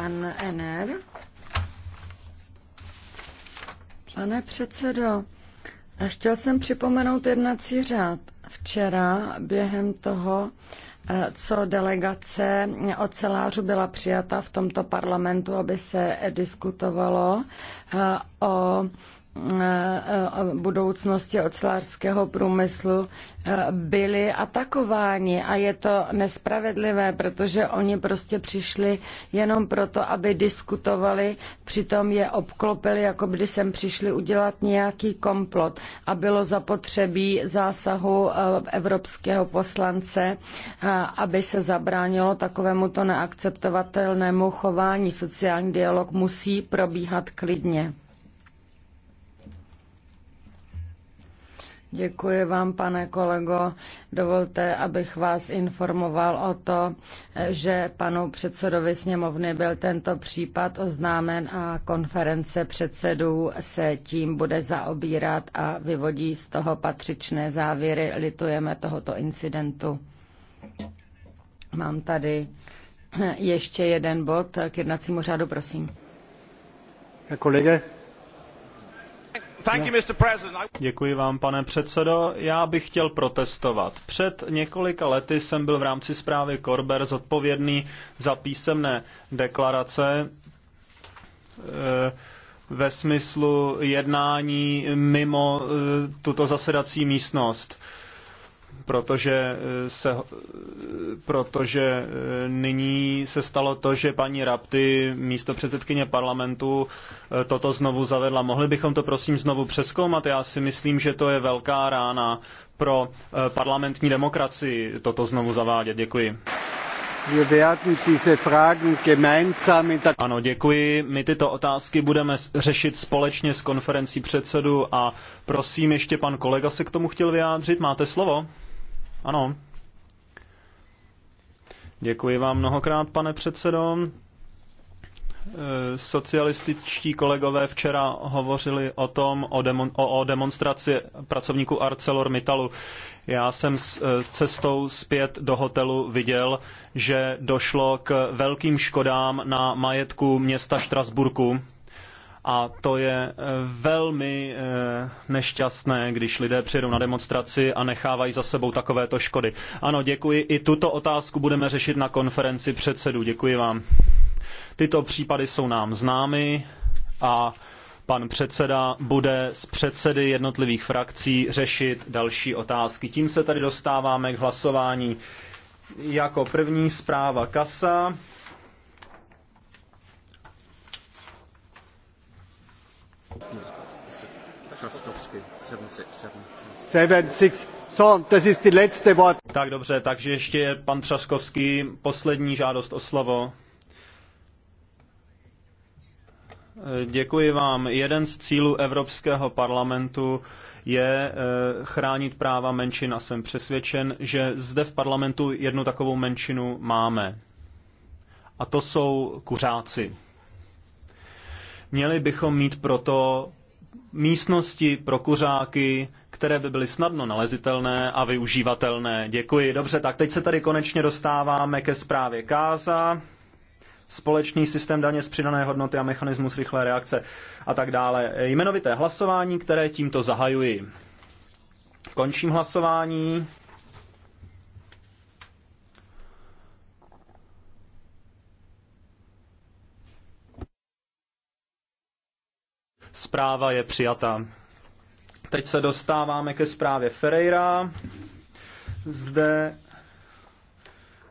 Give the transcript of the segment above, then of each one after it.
pan Ener. Pane předsedo, chtěl jsem připomenout jednací řád. Včera během toho, eh, co delegace ocelářů byla přijata v tomto parlamentu, aby se eh, diskutovalo eh, o Eh, budoucnosti ocelářského průmyslu eh, byli atakováni a je to nespravedlivé, protože oni prostě přišli jenom proto, aby diskutovali, přitom je obklopili, jako by sem přišli udělat nějaký komplot a bylo zapotřebí zásahu eh, evropského poslance, aby se zabránilo takovému to neakceptovatelnému chování. Sociální dialog musí probíhat klidně. Děkuji vám, pane kolego. Dovolte, abych vás informoval o to, že panu předsedovi sněmovny byl tento případ oznámen a konference předsedů se tím bude zaobírat a vyvodí z toho patřičné závěry. Litujeme tohoto incidentu. Mám tady ještě jeden bod k jednacímu řádu, prosím. Kolege, Děkuji vám, pane předsedo. Já bych chtěl protestovat. Před několika lety jsem byl v rámci zprávy Korber zodpovědný za písemné deklarace eh, ve smyslu jednání mimo eh, tuto zasedací místnost protože, eh, se, eh, protože eh, nyní se stalo to, že paní Rapty, místo předsedkyně parlamentu, toto znovu zavedla. Mohli bychom to prosím znovu přeskoumat? Já si myslím, že to je velká rána pro parlamentní demokracii toto znovu zavádět. Děkuji. Ano, děkuji. My tyto otázky budeme řešit společně s konferencí předsedu a prosím ještě pan kolega se k tomu chtěl vyjádřit. Máte slovo? Ano. Děkuji vám mnohokrát, pane předsedo. E, socialističtí kolegové včera hovořili o tom, o, demon, o, o demonstraci pracovníků ArcelorMittalu. Já jsem s, s e, cestou zpět do hotelu viděl, že došlo k velkým škodám na majetku města Štrasburku a to je eh, velmi eh, nešťastné, když lidé přijedou na demonstraci a nechávají za sebou takovéto škody. Ano, děkuji. I tuto otázku budeme řešit na konferenci předsedů. Děkuji vám. Tyto případy jsou nám známy a pan předseda bude s předsedy jednotlivých frakcí řešit další otázky. Tím se tady dostáváme k hlasování. Jako první zpráva Kasa. Tak dobře, takže ještě je pan Třaskovský, poslední žádost o slovo. Děkuji vám. Jeden z cílů Evropského parlamentu je eh, chránit práva menšin a jsem přesvědčen, že zde v parlamentu jednu takovou menšinu máme. A to jsou kuřáci. Měli bychom mít proto místnosti pro kuřáky, které by byly snadno nalezitelné a využívatelné. Děkuji. Dobře, tak teď se tady konečně dostáváme ke zprávě Káza společný systém daně z přidané hodnoty a mechanismus rychlé reakce a tak dále. Jmenovité hlasování, které tímto zahajuji. Končím hlasování. Zpráva je přijata. Teď se dostáváme ke zprávě Ferreira. Zde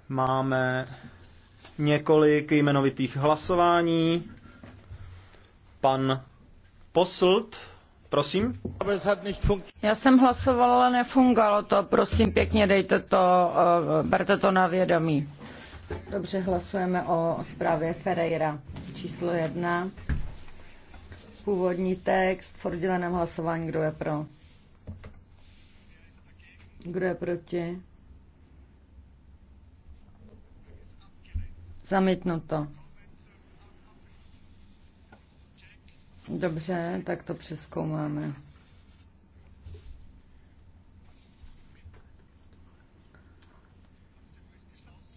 máme několik jmenovitých hlasování. Pan Poslt, prosím. Já jsem hlasovala, ale nefungalo to. Prosím, pěkně dejte to, eh, berte to na vědomí. Dobře, hlasujeme o zprávě Ferreira číslo jedna. Původní text v odděleném hlasování, kdo je pro? Kdo je proti? Zamítnuto. Dobře, tak to přeskoumáme.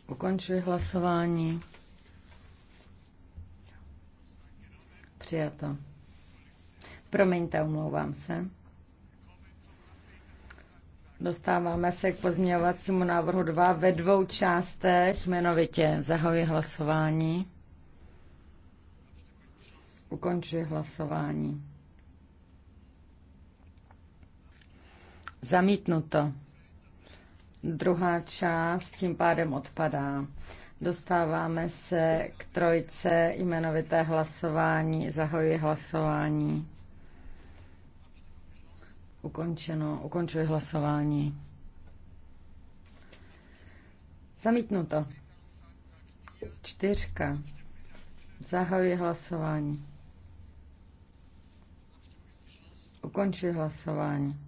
Ukončuji hlasování. Přijato. Promiňte, omlouvám se. Dostáváme se k pozměňovacímu návrhu 2 ve dvou částech, jmenovitě zahoji hlasování. Ukončuji hlasování. Zamítnuto. Druhá část tím pádem odpadá. Dostáváme se k trojce jmenovité hlasování. Zahoji hlasování. Ukončeno, ukončuje hlasování. Zamítnuto. Čtyřka. Zahajuje hlasování. Ukončuje hlasování.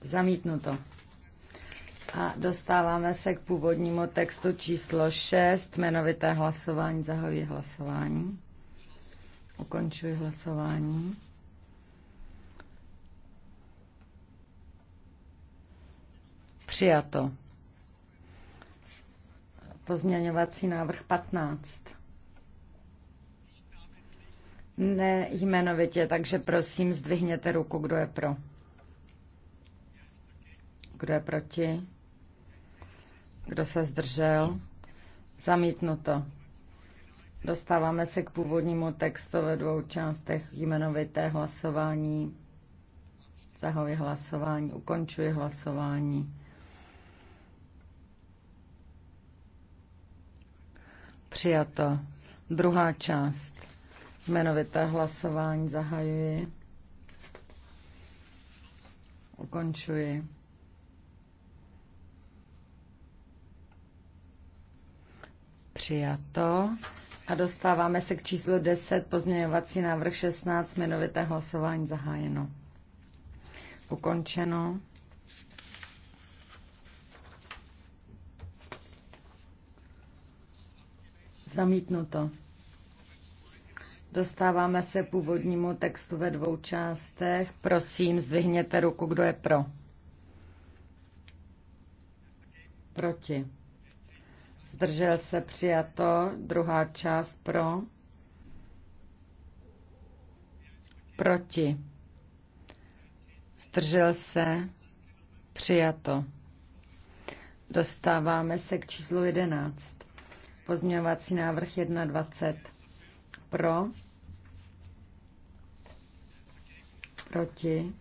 Zamítnuto. A dostáváme se k původnímu textu číslo 6, jmenovité hlasování, zahajuje hlasování. Ukončuji hlasování. Přijato. Pozměňovací návrh 15. Ne jmenovitě, takže prosím zdvihněte ruku, kdo je pro. Kdo je proti? Kdo se zdržel? Zamítnuto. Dostáváme se k původnímu textu ve dvou částech jmenovité hlasování. Zahoji hlasování, ukončuji hlasování. Přijato. Druhá část. Jmenovité hlasování zahajuji. Ukončuji. Přijato. A dostáváme se k číslu 10, pozměňovací návrh 16, jmenovité hlasování zahájeno. Ukončeno. Zamítnuto. Dostáváme se původnímu textu ve dvou částech. Prosím, zdvihněte ruku, kdo je pro. Proti zdržel se přijato, druhá část pro, proti, zdržel se přijato. Dostáváme se k číslu 11. Pozměňovací návrh 21. Pro. Proti.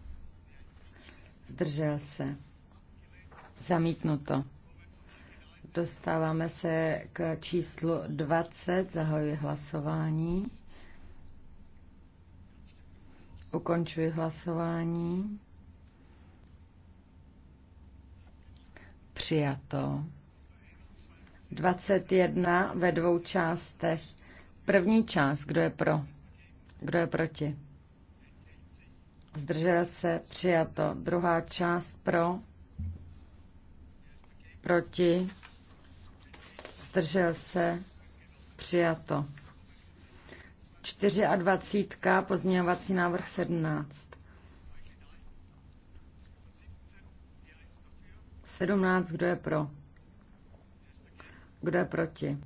Zdržel se. Zamítnuto. Dostáváme se k číslu 20, zahajuji hlasování. Ukončuji hlasování. Přijato. 21 ve dvou částech. První část, kdo je pro? Kdo je proti? Zdržel se, přijato. Druhá část pro, proti, zdržel se, přijato. 24. pozměňovací návrh 17. 17. Kdo je pro? Kdo je proti?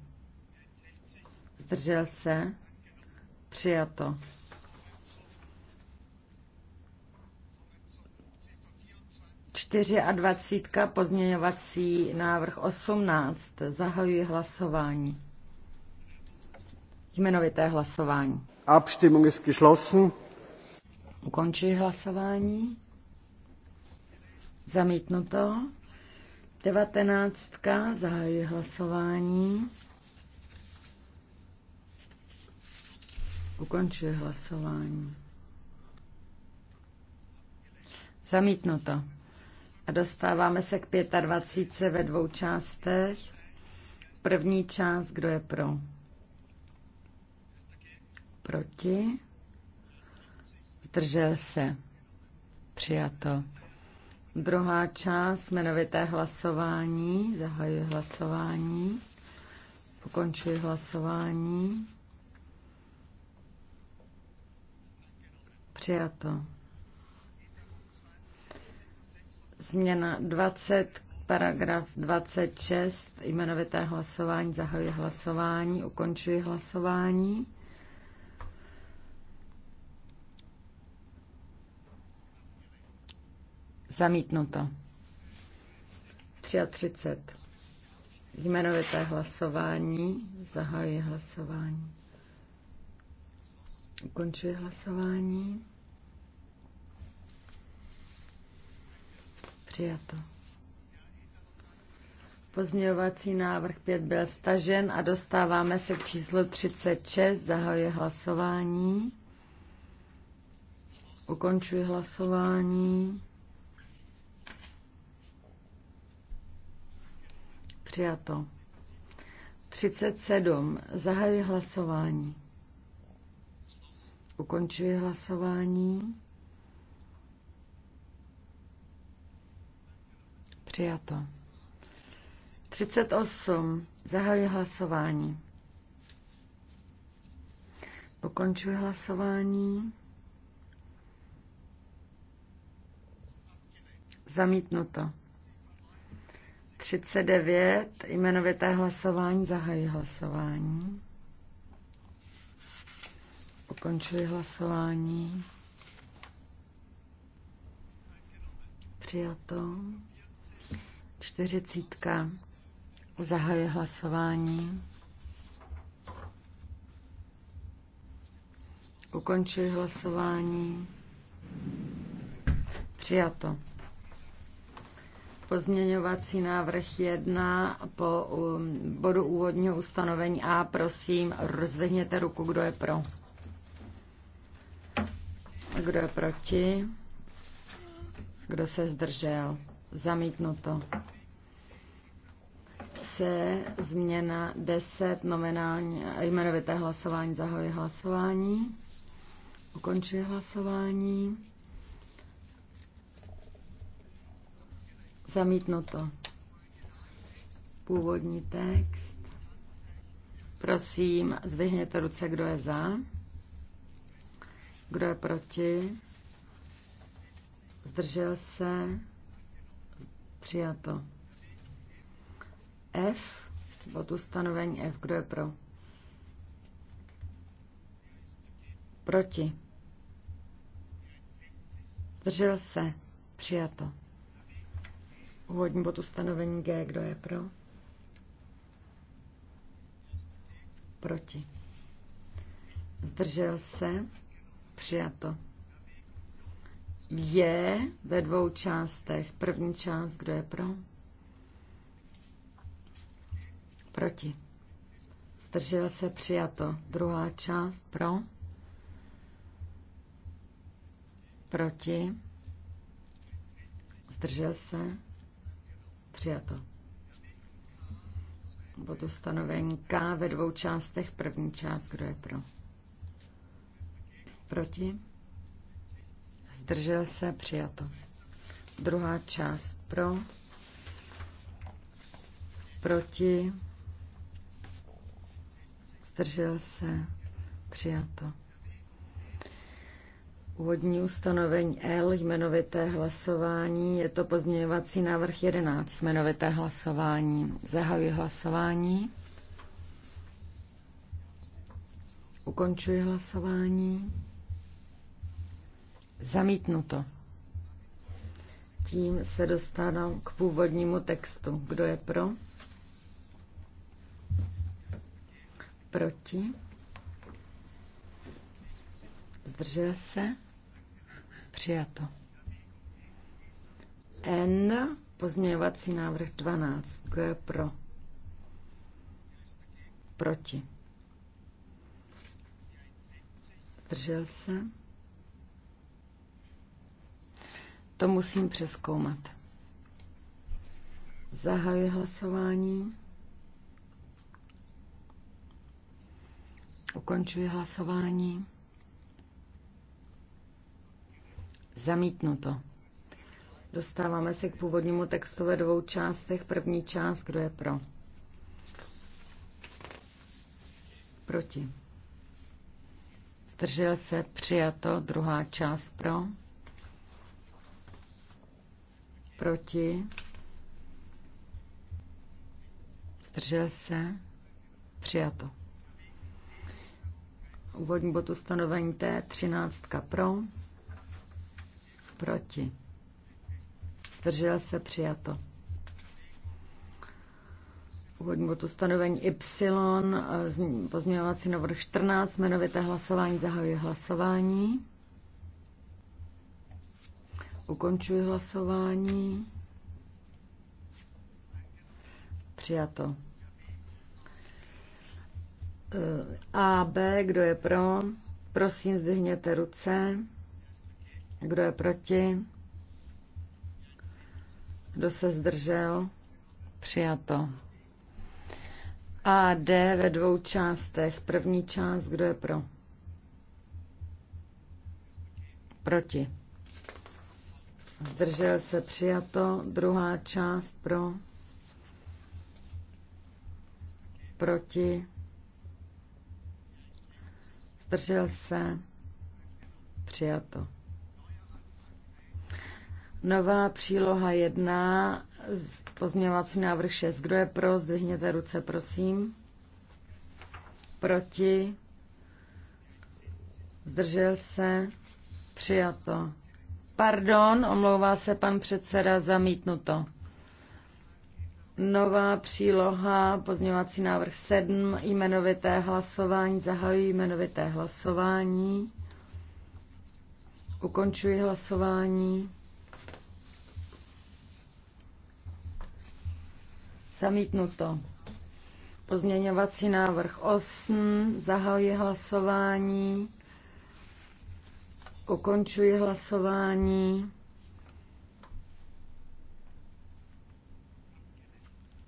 Zdržel se? Přijato. 24. pozměňovací návrh 18. Zahajuji hlasování. Jmenovité hlasování. Abstimmung ist geschlossen. Ukončuji hlasování. Zamítnuto. 19. Zahajuji hlasování. Ukončuji hlasování. Zamítnuto. A dostáváme se k 25 ve dvou částech. První část, kdo je pro? Proti? Zdržel se. Přijato. Druhá část, jmenovité hlasování. Zahajuji hlasování. Ukončuji hlasování. Přijato. Změna 20, paragraf 26, jmenovité hlasování, zahajuji hlasování, ukončuji hlasování. Zamítnuto. 33. Jmenovité hlasování. Zahajuji hlasování. Ukončuji hlasování. Přijato. Pozměňovací návrh 5 byl stažen a dostáváme se k číslu 36. Zahajuji hlasování. Ukončuji hlasování. Přijato. 37. Zahajuji hlasování. Ukončuji hlasování. Přijato. 38. Zahajuji hlasování. Ukončuji hlasování. Zamítnuto. 39. Jmenovité hlasování. Zahajuji hlasování. Ukončuji hlasování. Přijato. Čtyřicítka. zahaje hlasování. Ukončuji hlasování. Přijato. Pozměňovací návrh 1 po bodu úvodního ustanovení A. Prosím, rozvedněte ruku, kdo je pro. Kdo je proti? Kdo se zdržel? zamítnuto. C, změna 10, nominální, jmenovité hlasování, zahojí hlasování, Ukončuje hlasování, zamítnuto. Původní text. Prosím, zvihněte ruce, kdo je za, kdo je proti, zdržel se, Přijato. F, bod ustanovení F, kdo je pro? Proti. Držel se. Přijato. Úvodní bod ustanovení G, kdo je pro? Proti. Zdržel se. Přijato je ve dvou částech. První část, kdo je pro? Proti. Zdržel se přijato. Druhá část pro? Proti. Zdržel se přijato. Bod ustanovení K ve dvou částech. První část, kdo je pro? Proti zdržel se, přijato. Druhá část pro, proti, zdržel se, přijato. Úvodní ustanovení L, jmenovité hlasování, je to pozměňovací návrh 11, jmenovité hlasování. Zahajuji hlasování. Ukončuji hlasování. Zamítnuto. Tím se dostanou k původnímu textu. Kdo je pro? Proti? Zdržel se? Přijato. N, pozměňovací návrh 12. Kdo je pro? Proti. Zdržel se? To musím přeskoumat. Zahajuji hlasování. Ukončuji hlasování. Zamítnuto. Dostáváme se k původnímu textu ve dvou částech. První část, kdo je pro? Proti. Zdržel se, přijato, druhá část pro. Proti? Zdržel se? Přijato. Úvodní bod ustanovení T, 13 pro, proti. Zdržel se přijato. Úvodní bod ustanovení Y, eh, pozměňovací návrh 14, jmenovité hlasování, zahajuje hlasování. Ukončuji hlasování. Přijato. Eh, A, B, kdo je pro? Prosím, zdvihněte ruce. Kdo je proti? Kdo se zdržel? Přijato. A D ve dvou částech. První část, kdo je pro? Proti zdržel se přijato, druhá část pro, proti, zdržel se přijato. Nová příloha 1, pozměňovací návrh 6. Kdo je pro, zdvihněte ruce, prosím. Proti, zdržel se, přijato. Pardon, omlouvá se pan předseda, zamítnuto. Nová příloha, pozměňovací návrh 7, jmenovité hlasování, zahajuji jmenovité hlasování. Ukončuji hlasování. Zamítnuto. Pozměňovací návrh 8, zahajuji hlasování. Ukončuji hlasování.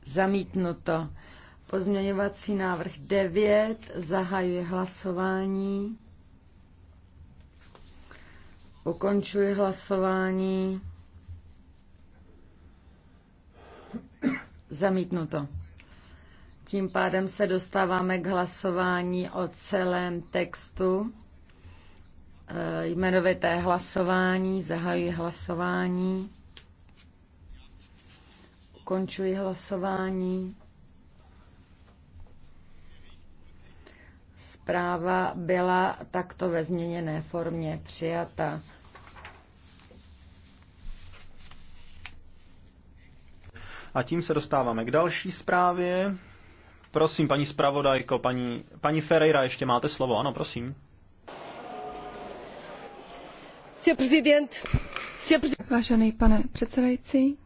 Zamítnuto. Pozměňovací návrh 9. Zahajuji hlasování. Ukončuji hlasování. Zamítnuto. Tím pádem se dostáváme k hlasování o celém textu. Eh, jmenovité hlasování, zahajuji hlasování, ukončuji hlasování. Zpráva byla takto ve změněné formě přijata. A tím se dostáváme k další zprávě. Prosím, paní zpravodajko, paní, paní Ferreira, ještě máte slovo. Ano, prosím. Vážený pane předsedající,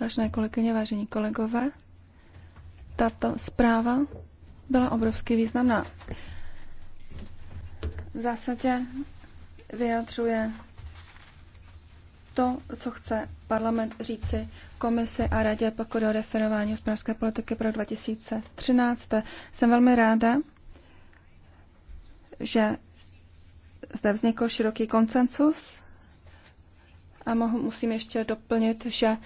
vážené kolegyně, vážení kolegové, tato zpráva byla obrovsky významná. V zásadě vyjadřuje to, co chce parlament říci komisi a radě, pokud o definování hospodářské politiky pro 2013. Jsem velmi ráda, že zde vznikl široký koncensus a mohu, musím ještě doplnit, že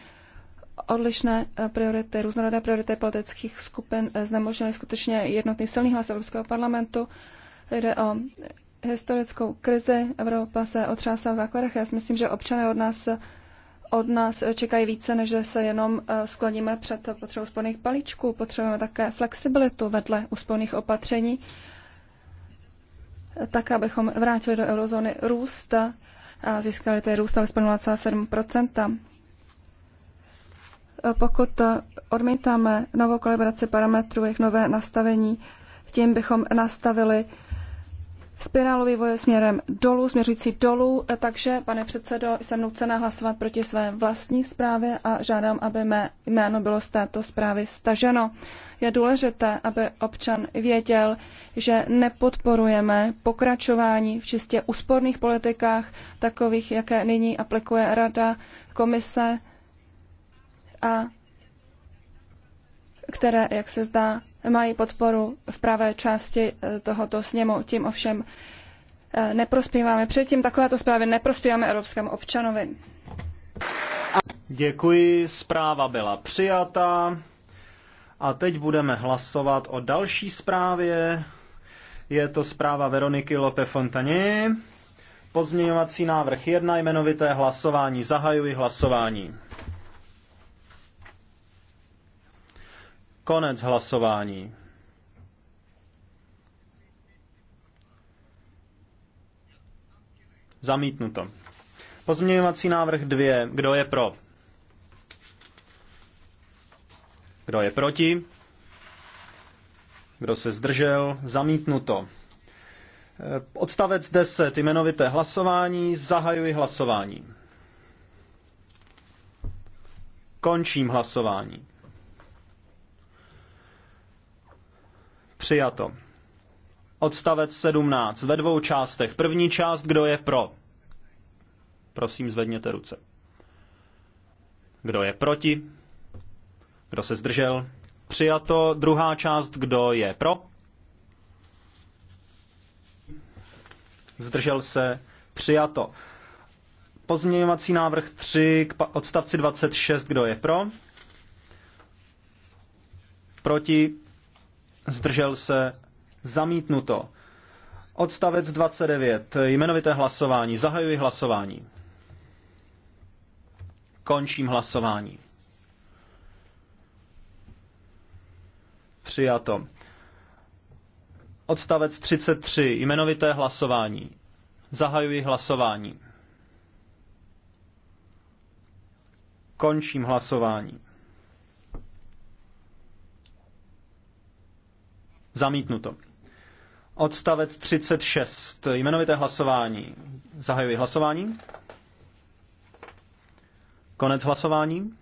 odlišné eh, priority, různorodé priority politických skupin eh, znemožnily skutečně jednotný silný hlas Evropského parlamentu. Jde o historickou krizi. Evropa se otřásá v základech. Já si myslím, že občané od nás, od nás čekají více, než že se jenom eh, skloníme před potřebou úsporných palíčků. Potřebujeme také flexibilitu vedle úsporných opatření tak, abychom vrátili do eurozóny růst a získali tedy růst alespoň 0,7 Pokud odmítáme novou kalibraci parametrů, jejich nové nastavení, tím bychom nastavili spirálu vývoje směrem dolů, směřující dolů, takže, pane předsedo, jsem nucena hlasovat proti své vlastní zprávě a žádám, aby mé jméno bylo z této zprávy staženo je důležité, aby občan věděl, že nepodporujeme pokračování v čistě úsporných politikách, takových, jaké nyní aplikuje Rada, Komise a které, jak se zdá, mají podporu v pravé části eh, tohoto sněmu. Tím ovšem eh, neprospíváme. Předtím takovéto zprávy neprospíváme evropskému občanovi. Děkuji, zpráva byla přijata. A teď budeme hlasovat o další zprávě. Je to zpráva Veroniky Lope Fontaně. Pozměňovací návrh 1, jmenovité hlasování. Zahajuji hlasování. Konec hlasování. Zamítnuto. Pozměňovací návrh 2. Kdo je pro? Kdo je proti? Kdo se zdržel? Zamítnuto. E, odstavec 10. Jmenovité hlasování. Zahajuji hlasování. Končím hlasování. Přijato. Odstavec 17. Ve dvou částech. První část, kdo je pro? Prosím, zvedněte ruce. Kdo je proti? Kdo se zdržel? Přijato. Druhá část. Kdo je pro? Zdržel se? Přijato. Pozměňovací návrh 3 k odstavci 26. Kdo je pro? Proti? Zdržel se? Zamítnuto. Odstavec 29. Jmenovité hlasování. Zahajuji hlasování. Končím hlasování. Přijato. Odstavec 33. Jmenovité hlasování. Zahajuji hlasování. Končím hlasování. Zamítnuto. Odstavec 36. Jmenovité hlasování. Zahajuji hlasování. Konec hlasování.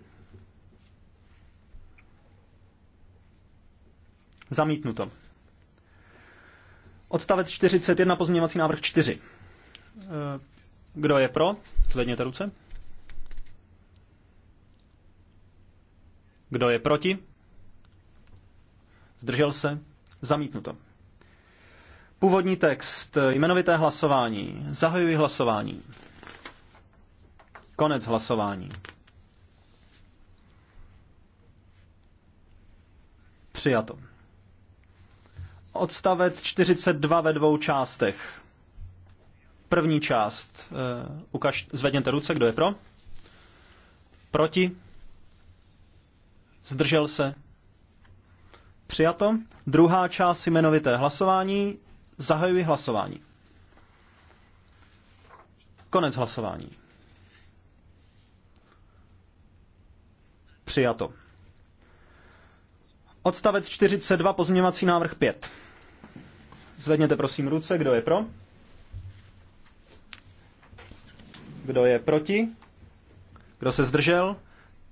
Zamítnuto. Odstavec 41, pozměňovací návrh 4. Eh, kdo je pro? Zvedněte ruce. Kdo je proti? Zdržel se? Zamítnuto. Původní text, eh, jmenovité hlasování. Zahajuji hlasování. Konec hlasování. Přijato. Odstavec 42 ve dvou částech. První část. Eh, ukaž, zvedněte ruce, kdo je pro. Proti. Zdržel se. Přijato. Druhá část jmenovité hlasování. Zahajuji hlasování. Konec hlasování. Přijato. Odstavec 42, pozměňovací návrh 5. Zvedněte prosím ruce, kdo je pro. Kdo je proti? Kdo se zdržel?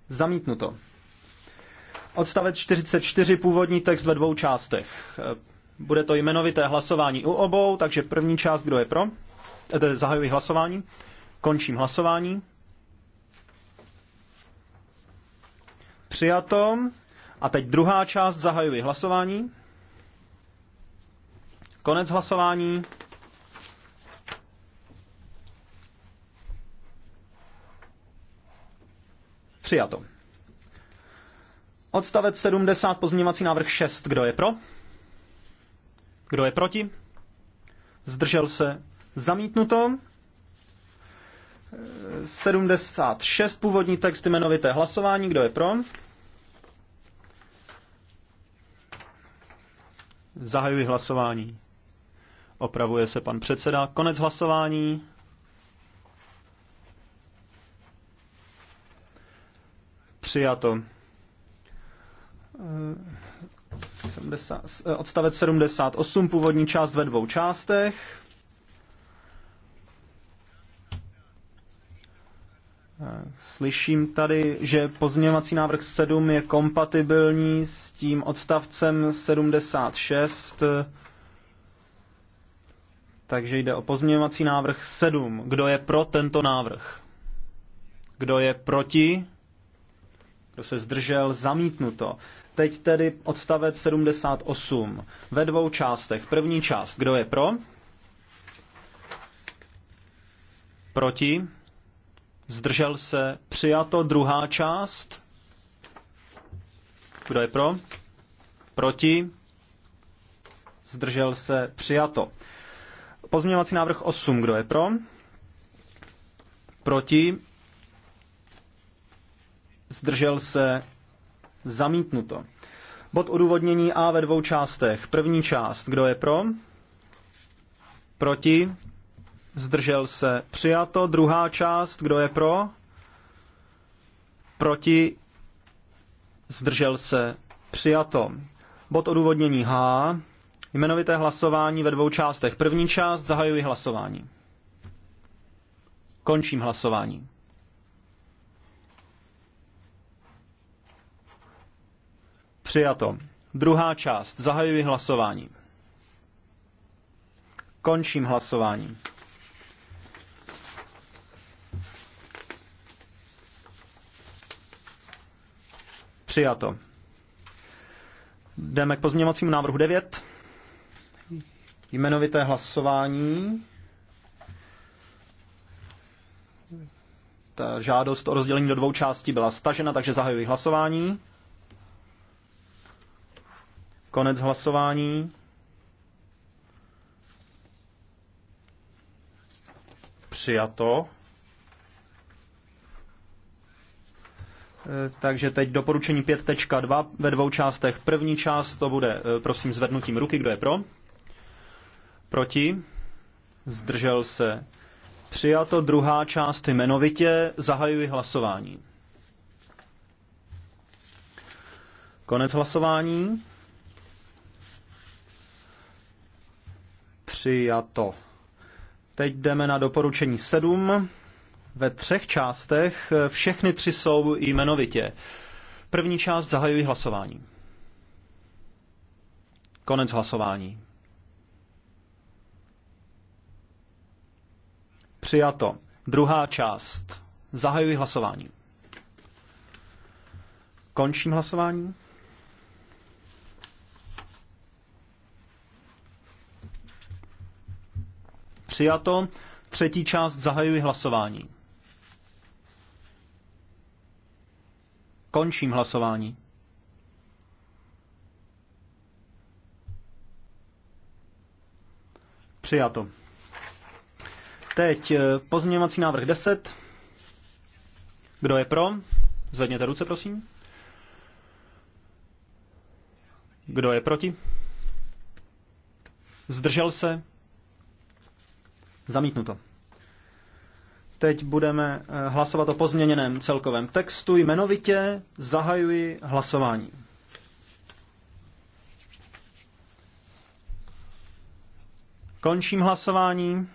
Zamítnuto. Odstavec 44, původní text ve dvou částech. E, bude to jmenovité hlasování u obou, takže první část, kdo je pro? E, tedy zahajuji hlasování. Končím hlasování. Přijato. A teď druhá část, zahajuji hlasování. Konec hlasování. Přijato. Odstavec 70, pozměňovací návrh 6. Kdo je pro? Kdo je proti? Zdržel se? Zamítnuto. 76, původní text jmenovité hlasování. Kdo je pro? Zahajuji hlasování. Opravuje se pan předseda. Konec hlasování. Přijato. Eh, eh, odstavec 78, původní část ve dvou částech. Eh, slyším tady, že pozměňovací návrh 7 je kompatibilní s tím odstavcem 76 takže jde o pozměňovací návrh 7. Kdo je pro tento návrh? Kdo je proti? Kdo se zdržel? Zamítnuto. Teď tedy odstavec 78 ve dvou částech. První část, kdo je pro? Proti? Zdržel se? Přijato. Druhá část. Kdo je pro? Proti? Zdržel se? Přijato. Pozměňovací návrh 8, kdo je pro? Proti? Zdržel se? Zamítnuto. Bod odůvodnění A ve dvou částech. První část, kdo je pro? Proti? Zdržel se? Přijato. Druhá část, kdo je pro? Proti? Zdržel se? Přijato. Bod odůvodnění H Jmenovité hlasování ve dvou částech. První část zahajuji hlasování. Končím hlasování. Přijato. Druhá část. Zahajuji hlasování. Končím hlasování. Přijato. Jdeme k pozměňovacímu návrhu 9. Jmenovité hlasování. Ta žádost o rozdělení do dvou částí byla stažena, takže zahajuji hlasování. Konec hlasování. Přijato. E, takže teď doporučení 5.2 ve dvou částech. První část to bude, e, prosím, zvednutím ruky, kdo je pro. Proti? Zdržel se. Přijato druhá část jmenovitě. Zahajuji hlasování. Konec hlasování. Přijato. Teď jdeme na doporučení 7. Ve třech částech všechny tři jsou jmenovitě. První část zahajuji hlasování. Konec hlasování. Přijato. Druhá část. Zahajuji hlasování. Končím hlasování. Přijato. Třetí část zahajuji hlasování. Končím hlasování. Přijato. Teď eh, pozměňovací návrh 10. Kdo je pro? Zvedněte ruce, prosím. Kdo je proti? Zdržel se? Zamítnuto. Teď budeme eh, hlasovat o pozměněném celkovém textu. Jmenovitě zahajuji hlasování. Končím hlasování.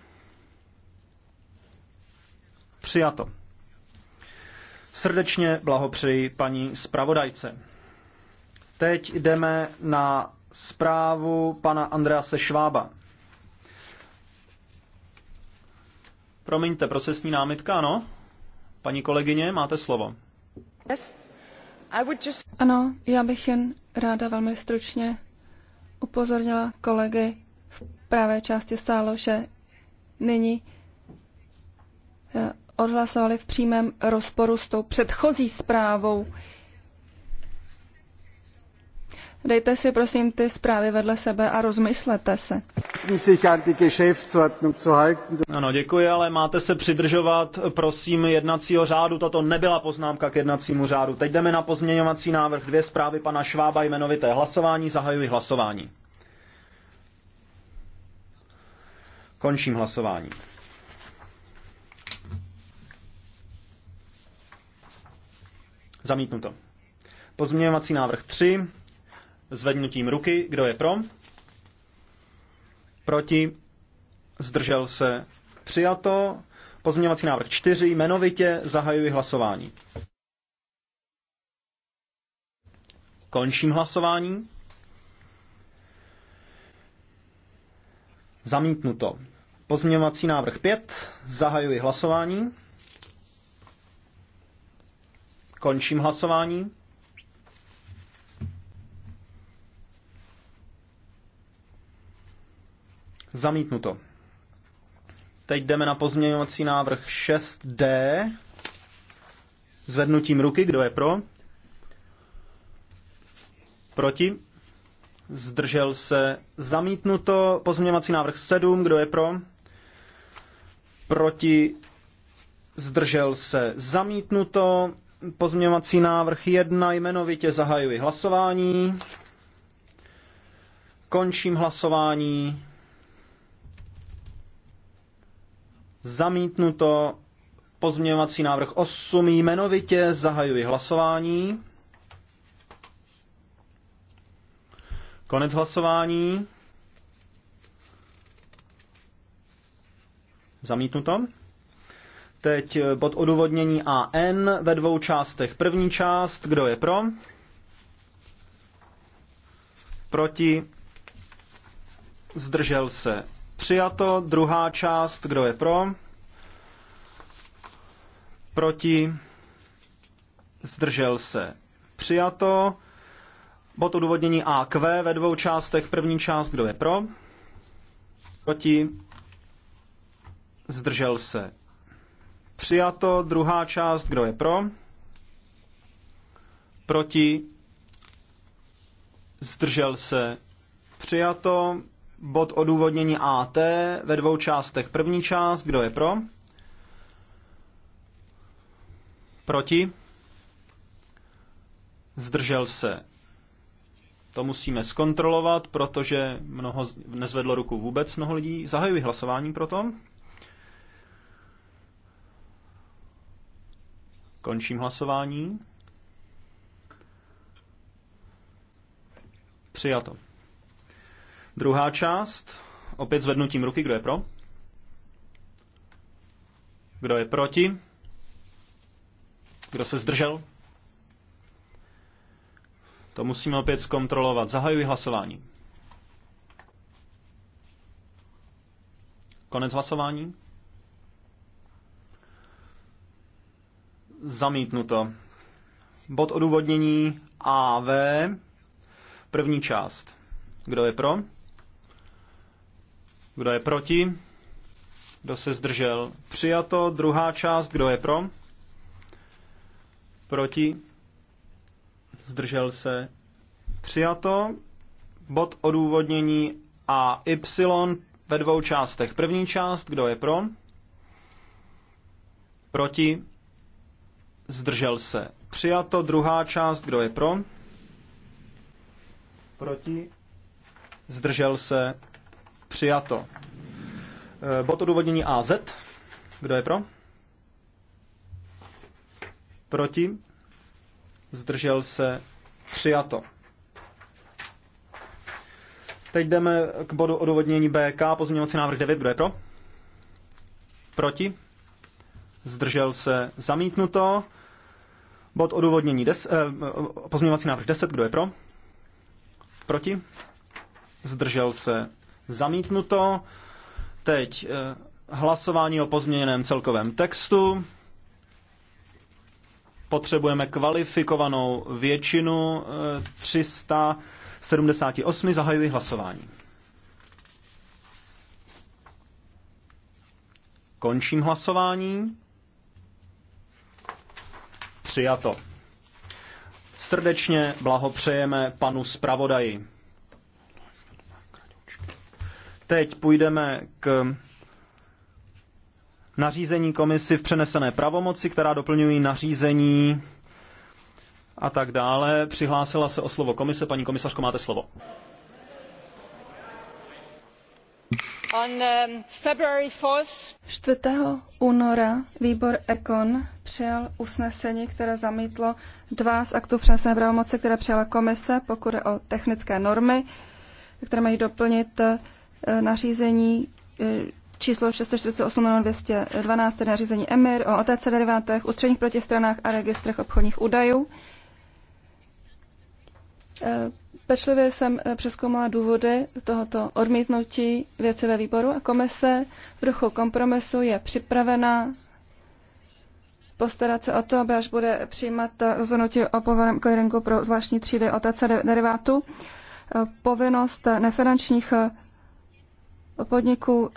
Přijato. Srdečně blahopřeji paní zpravodajce. Teď jdeme na zprávu pana Andrease Švába. Promiňte, procesní námitka, ano? Paní kolegyně, máte slovo. Yes. Just... Ano, já bych jen ráda velmi stručně upozornila kolegy v pravé části sálu, že nyní eh, odhlasovali v přímém rozporu s tou předchozí zprávou. Dejte si prosím ty zprávy vedle sebe a rozmyslete se. Ano, děkuji, ale máte se přidržovat, prosím, jednacího řádu. Toto nebyla poznámka k jednacímu řádu. Teď jdeme na pozměňovací návrh dvě zprávy pana Švába jmenovité hlasování. Zahajuji hlasování. Končím hlasování. Zamítnuto. Pozměňovací návrh 3 zvednutím ruky. Kdo je pro? Proti? Zdržel se? Přijato. Pozměňovací návrh 4 jmenovitě zahajuji hlasování. Končím hlasování. Zamítnuto. Pozměňovací návrh 5. Zahajuji hlasování. Končím hlasování. Zamítnuto. Teď jdeme na pozměňovací návrh 6D. Zvednutím ruky, kdo je pro? Proti? Zdržel se zamítnuto. Pozměňovací návrh 7, kdo je pro? Proti? Zdržel se zamítnuto. Pozměňovací návrh 1 jmenovitě zahajuji hlasování. Končím hlasování. Zamítnuto pozměňovací návrh 8 jmenovitě zahajuji hlasování. Konec hlasování. Zamítnuto. Teď bod odůvodnění AN ve dvou částech. První část, kdo je pro? Proti? Zdržel se. Přijato. Druhá část, kdo je pro? Proti? Zdržel se. Přijato. Bod odůvodnění AQ ve dvou částech. První část, kdo je pro? Proti? Zdržel se Přijato druhá část, kdo je pro? Proti? Zdržel se? Přijato bod odůvodnění AT ve dvou částech. První část, kdo je pro? Proti? Zdržel se? To musíme zkontrolovat, protože mnoho nezvedlo ruku vůbec mnoho lidí. Zahajuji hlasování pro to. Končím hlasování. Přijato. Druhá část. Opět zvednutím ruky. Kdo je pro? Kdo je proti? Kdo se zdržel? To musíme opět zkontrolovat. Zahajuji hlasování. Konec hlasování. Zamítnuto. Bod odůvodnění AV, první část. Kdo je pro? Kdo je proti? Kdo se zdržel? Přijato. Druhá část. Kdo je pro? Proti? Zdržel se? Přijato. Bod odůvodnění a Y ve dvou částech. První část. Kdo je pro? Proti? zdržel se. Přijato druhá část, kdo je pro? Proti? Zdržel se. Přijato. E, bod odůvodnění AZ. Kdo je pro? Proti? Zdržel se. Přijato. Teď jdeme k bodu odůvodnění BK, pozměňovací návrh 9. Kdo je pro? Proti? Zdržel se. Zamítnuto. Bod odůvodnění des, eh, pozměňovací návrh 10, kdo je pro? Proti? Zdržel se zamítnuto. Teď eh, hlasování o pozměněném celkovém textu. Potřebujeme kvalifikovanou většinu eh, 378. Zahajuji hlasování. Končím hlasování přijato. Srdečně blahopřejeme panu zpravodaji. Teď půjdeme k nařízení komisi v přenesené pravomoci, která doplňují nařízení a tak dále. Přihlásila se o slovo komise. Paní komisařko, máte slovo. 4. Um, února výbor ECON přijal usnesení, které zamítlo dva z aktů přenesené pravomoci, které přijala komise, pokud je o technické normy, které mají doplnit eh, nařízení eh, číslo 648 212, tedy nařízení EMIR o OTC derivátech, ústředních protistranách a registrech obchodních údajů eh, Pečlivě jsem eh, přeskoumala důvody tohoto odmítnutí věci ve výboru a komise v duchu kompromisu je připravena postarat se o to, aby až bude přijímat eh, rozhodnutí o povoleném clearingu pro zvláštní třídy OTC derivátu, eh, povinnost nefinančních podniků,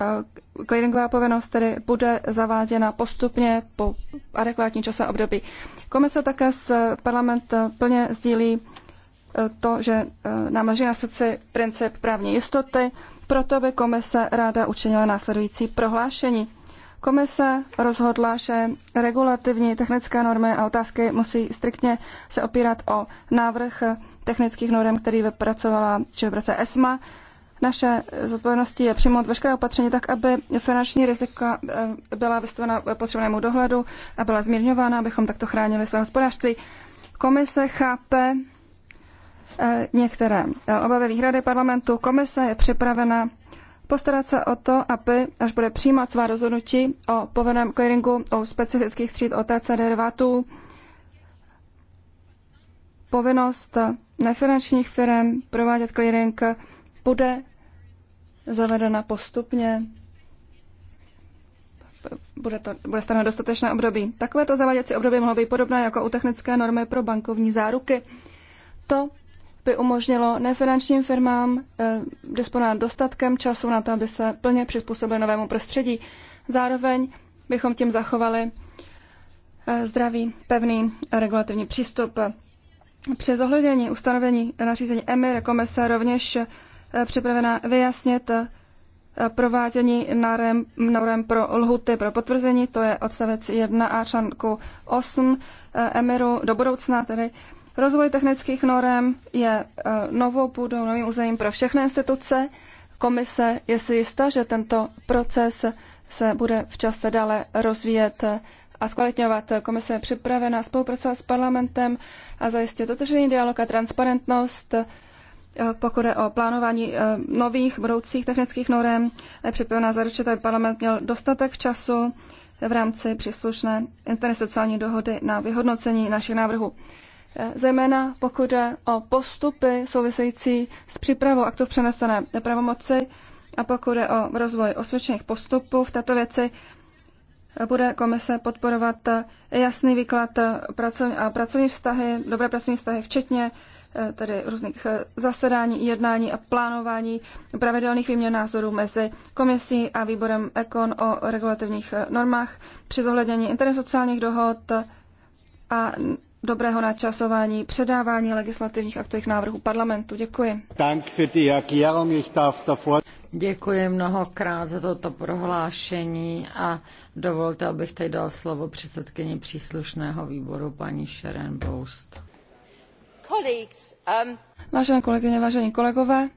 clearingová povinnost tedy bude zaváděna postupně po adekvátní čase období. Komise také s parlament plně sdílí to, že e, nám leží na srdci princip právní jistoty, proto by komise ráda učinila následující prohlášení. Komise rozhodla, že regulativní technické normy a otázky musí striktně se opírat o návrh technických norm, který vypracovala či vypracuje ESMA. Naše zodpovědností je přijmout veškeré opatření tak, aby finanční rizika e, byla vystavena potřebnému dohledu a byla zmírňována, abychom takto chránili své hospodářství. Komise chápe Eh, některé eh, obavy výhrady parlamentu. Komise je připravena postarat se o to, aby, až bude přijímat svá rozhodnutí o povinném clearingu u specifických tříd OTC derivátů, povinnost nefinančních firm provádět clearing bude zavedena postupně. Bude, to, bude stanoveno dostatečné období. Takovéto zaváděcí období mohlo být podobné jako u technické normy pro bankovní záruky. To by umožnilo nefinančním firmám eh, disponovat dostatkem času na to, aby se plně přizpůsobili novému prostředí. Zároveň bychom tím zachovali eh, zdravý, pevný regulativní přístup. Při zohlednění ustanovení nařízení EMIR komise rovněž eh, připravena vyjasnit provádění norem, norem pro lhuty pro potvrzení, to je odstavec 1 a článku 8 Emiru do budoucna, tedy Rozvoj technických norem je eh, novou půdou, novým územím pro všechny instituce. Komise je si jistá, že tento proces se bude v čase dále rozvíjet a zkvalitňovat. Komise je připravena spolupracovat s parlamentem a zajistit dotržený dialog a transparentnost, eh, pokud je o plánování eh, nových budoucích technických norem. Je připravena zaručit, aby parlament měl dostatek času v rámci příslušné interinstitucionální dohody na vyhodnocení našich návrhů. Eh, zejména pokud jde o postupy související s přípravou aktu v přenesené pravomoci a pokud jde o rozvoj osvědčených postupů v této věci, eh, bude komise podporovat eh, jasný výklad pracovní, a pracovní vztahy, dobré pracovní vztahy, včetně tedy různých zasedání, jednání a plánování pravidelných výměn názorů mezi komisí a výborem EKON o regulativních normách při zohlednění intersociálních dohod a dobrého načasování, předávání legislativních aktových návrhů parlamentu. Děkuji. Děkuji mnohokrát za toto prohlášení a dovolte, abych teď dal slovo předsedkyni příslušného výboru paní Sharon Boust. Um- Vážené kolegyně, vážení kolegové,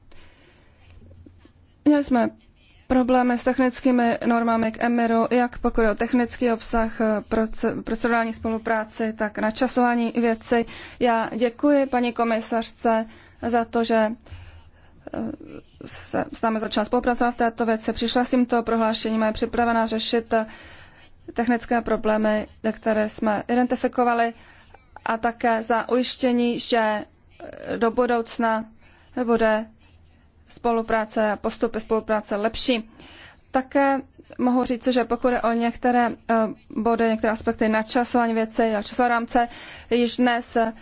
měli jsme problémy s technickými normami k EMIRu, jak pokud o technický obsah, eh, procedurální spolupráci, tak na časování věci. Já děkuji paní komisařce za to, že eh, se s námi začala spolupracovat v této věci. Přišla s tímto prohlášením a je připravena řešit eh, technické problémy, které jsme identifikovali a také za ujištění, že do budoucna bude spolupráce a postupy spolupráce lepší. Také mohu říct, že pokud je o některé eh, body, některé aspekty načasování věci a časové rámce, již dnes eh,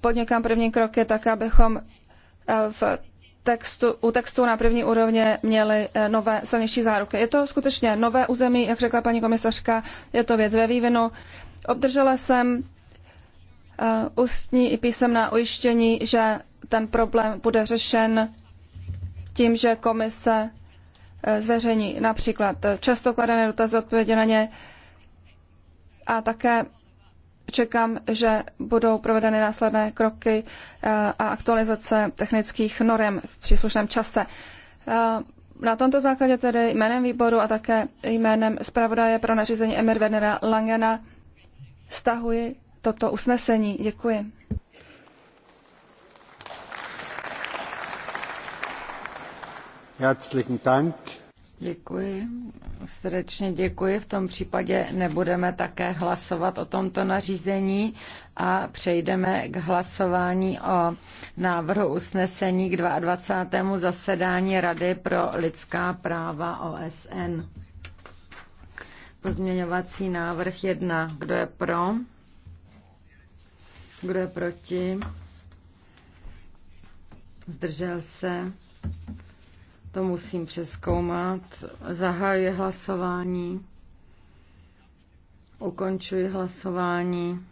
podnikám první kroky tak, abychom eh, v textu, u textu na první úrovně měli nové silnější záruky. Je to skutečně nové území, jak řekla paní komisařka, je to věc ve vývinu. Obdržela jsem ústní i písemná ujištění, že ten problém bude řešen tím, že komise eh, zveřejní například často kladené dotazy, odpovědi na ně a také čekám, že budou provedeny následné kroky eh, a aktualizace technických norem v příslušném čase. Eh, na tomto základě tedy jménem výboru a také jménem zpravodaje pro nařízení Emir Venera Langena stahuji toto usnesení. Děkuji. Děkuji. Srdečně děkuji. V tom případě nebudeme také hlasovat o tomto nařízení a přejdeme k hlasování o návrhu usnesení k 22. zasedání Rady pro lidská práva OSN. Pozměňovací návrh 1. Kdo je pro? Kdo je proti? Zdržel se? To musím přeskoumat. Zahajuji hlasování. Ukončuji hlasování.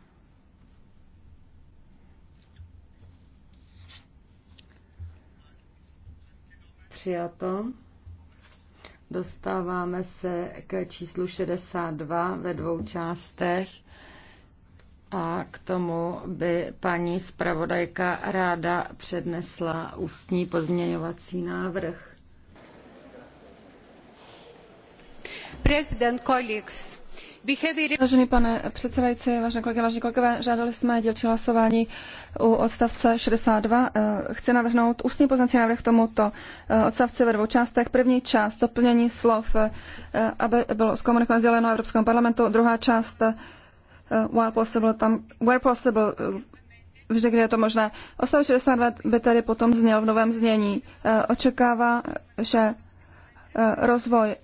Přijato. Dostáváme se k číslu 62 ve dvou částech. A k tomu by paní zpravodajka ráda přednesla ústní pozměňovací návrh. Vážený pane předsedající, vážené kolegy, vážení kolegové, žádali jsme dílčí hlasování u odstavce 62. Eh, chci navrhnout ústní pozměňovací návrh tomuto eh, odstavci ve dvou částech. První část doplnění slov, eh, aby bylo zkomunikováno zeleno Evropskému parlamentu. Druhá část while possible, tam, where possible, vždy, kdy je to možné. Odstavec two by tedy potom zněl v novém znění. Očekává, že Eh, rozvoj eh,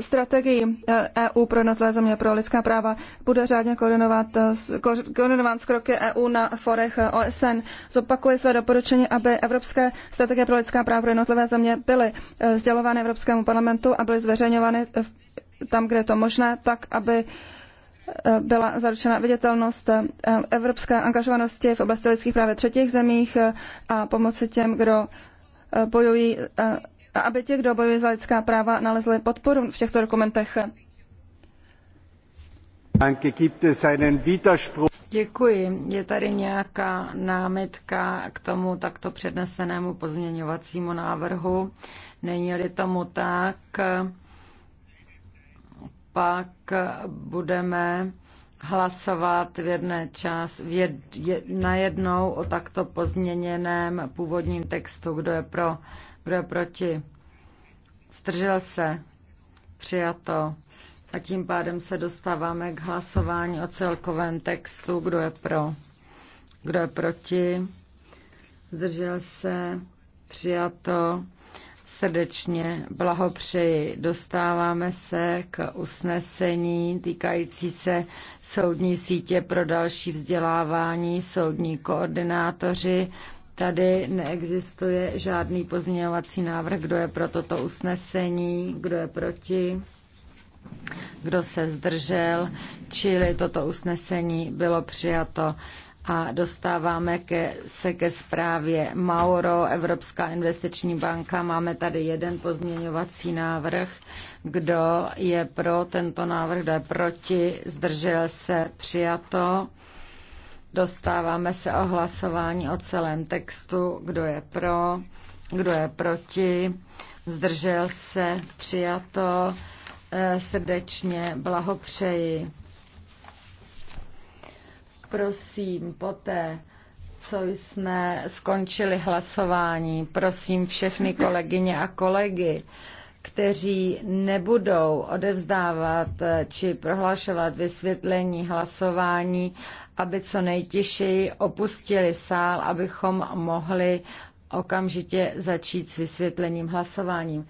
strategii EU eh, e pro jednotlivé země pro lidská práva bude řádně koordinovat, koordinován s kroky EU na forech OSN. Zopakuje své doporučení, aby evropské strategie pro lidská práva pro jednotlivé země byly sdělovány Evropskému parlamentu a byly zveřejňovány tam, kde je to možné, tak, aby byla zaručena viditelnost evropské angažovanosti v oblasti lidských práv ve třetích zemích a pomoci těm, kdo bojují aby ti, kdo bojují za lidská práva, nalezli podporu v těchto dokumentech. Děkuji. Je tady nějaká námitka k tomu takto přednesenému pozměňovacímu návrhu? Není-li tomu tak, pak budeme hlasovat v jedné čas, v jed, je, najednou o takto pozměněném původním textu. Kdo je pro? Kdo je proti? Zdržel se? Přijato. A tím pádem se dostáváme k hlasování o celkovém textu. Kdo je pro? Kdo je proti? Zdržel se? Přijato. Srdečně blahopřeji. Dostáváme se k usnesení týkající se soudní sítě pro další vzdělávání, soudní koordinátoři. Tady neexistuje žádný pozměňovací návrh, kdo je pro toto usnesení, kdo je proti, kdo se zdržel, čili toto usnesení bylo přijato. A dostáváme ke, se ke zprávě Mauro, Evropská investiční banka. Máme tady jeden pozměňovací návrh. Kdo je pro tento návrh, kdo je proti, zdržel se, přijato. Dostáváme se o hlasování o celém textu, kdo je pro, kdo je proti, zdržel se, přijato, e, srdečně blahopřeji. Prosím, poté, co jsme skončili hlasování, prosím všechny kolegyně a kolegy, kteří nebudou odevzdávat či prohlašovat vysvětlení hlasování, aby co nejtěžší opustili sál, abychom mohli okamžitě začít s vysvětlením hlasováním.